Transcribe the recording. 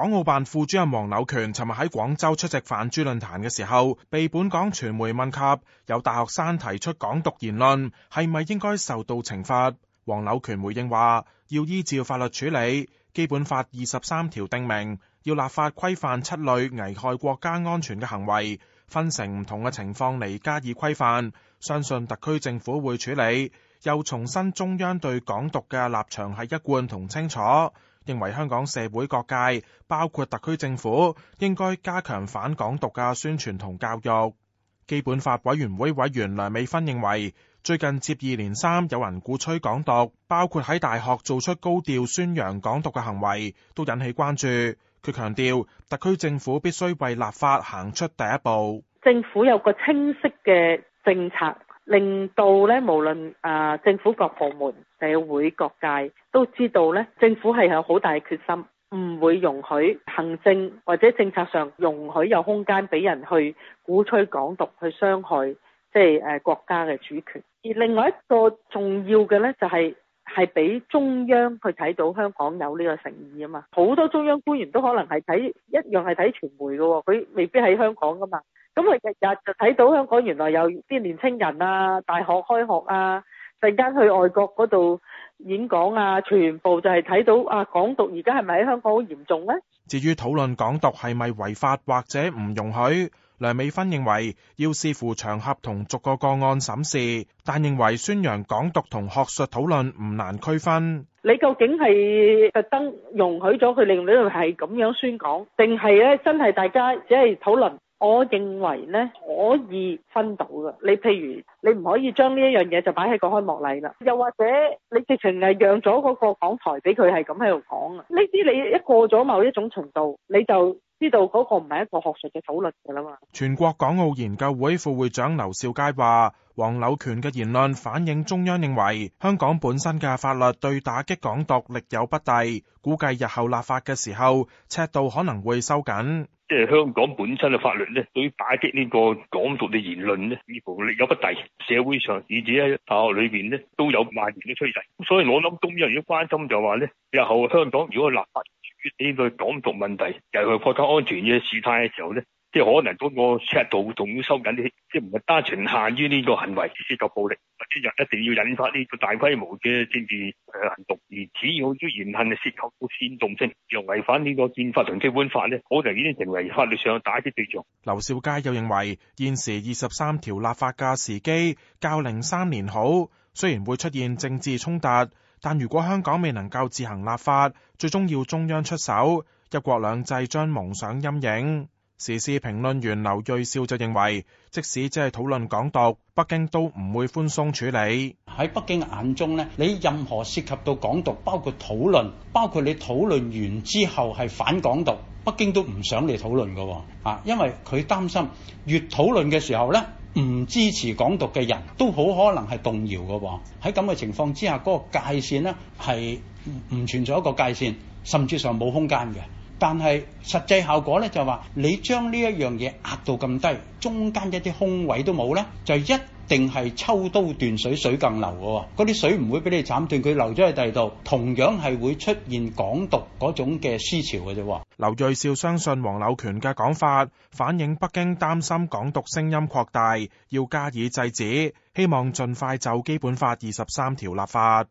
港澳辦副主任黃柳權尋日喺廣州出席泛珠論壇嘅時候，被本港傳媒問及有大學生提出港獨言論，係咪應該受到懲罰？黃柳權回應話：要依照法律處理，《基本法》二十三條定明，要立法規範七類危害國家安全嘅行為，分成唔同嘅情況嚟加以規範。相信特區政府會處理，又重申中央對港獨嘅立場係一貫同清楚。認為香港社會各界包括特區政府應該加強反港獨嘅宣傳同教育。基本法委員會委員梁美芬認為，最近接二連三有人鼓吹港獨，包括喺大學做出高調宣揚港獨嘅行為，都引起關注。佢強調，特區政府必須為立法行出第一步。政府有個清晰嘅政策。令到咧，無論啊政府各部門、社會各界都知道咧，政府係有好大嘅決心，唔會容許行政或者政策上容許有空間俾人去鼓吹港獨，去傷害即係誒國家嘅主權。而另外一個重要嘅咧、就是，就係係俾中央去睇到香港有呢個誠意啊嘛。好多中央官員都可能係睇一樣係睇傳媒㗎喎、哦，佢未必喺香港㗎嘛。咁我日日就睇到香港原來有啲年青人啊，大學開學啊，陣間去外國嗰度演講啊，全部就係睇到啊，港獨而家係咪喺香港好嚴重咧？至於討論港獨係咪違法或者唔容許，梁美芬認為要視乎場合同逐個個案審視，但認為宣揚港獨同學術討論唔難區分。你究竟係特登容許咗佢令到你係咁樣宣講，定係咧真係大家只係討論？我認為咧可以分到噶，你譬如你唔可以將呢一樣嘢就擺喺個開幕禮啦，又或者你直情係讓咗嗰個講台俾佢係咁喺度講啊，呢啲你一過咗某一種程度，你就知道嗰個唔係一個學術嘅討論噶啦嘛。全國港澳研究會副會長劉兆佳話，黃柳權嘅言論反映中央認為香港本身嘅法律對打擊港獨力有不逮，估計日後立法嘅時候尺度可能會收緊。即係香港本身嘅法律咧，對於打擊呢個港獨嘅言論咧，似乎力有不逮。社會上，以至喺大學裏邊咧，都有蔓延嘅趨勢。所以我諗，中央如果關心，就話咧，日後香港如果立法處理呢個港獨問題，又係國家安全嘅事態嘅時候咧，即係可能嗰個尺度仲要收緊啲，即係唔係單純限於呢個行為涉及暴力。今日一定要引發呢個大規模嘅政治行動，而只要言行嘅涉及到煽動性，又違反呢個憲法同基本法呢，我就已經成為法律上打擊對象。劉兆佳又認為，現時二十三條立法嘅時機較零三年好，雖然會出現政治衝突，但如果香港未能夠自行立法，最終要中央出手，一國兩制將蒙上陰影。時事評論員劉銳紹就認為，即使只係討論港獨，北京都唔會寬鬆處理。喺北京眼中咧，你任何涉及到港獨，包括討論，包括你討論完之後係反港獨，北京都唔想你討論嘅。啊，因為佢擔心越討論嘅時候咧，唔支持港獨嘅人都好可能係動搖嘅、哦。喺咁嘅情況之下，嗰、那個界線呢係唔存在一個界線，甚至上冇空間嘅。但係實際效果咧，就話你將呢一樣嘢壓到咁低，中間一啲空位都冇呢，就一定係抽刀斷水，水更流嘅。嗰啲水唔會俾你斬斷，佢流咗去第二度，同樣係會出現港獨嗰種嘅思潮嘅啫。劉銳紹相信黃柳權嘅講法，反映北京擔心港獨聲音擴大，要加以制止，希望盡快就基本法二十三條立法。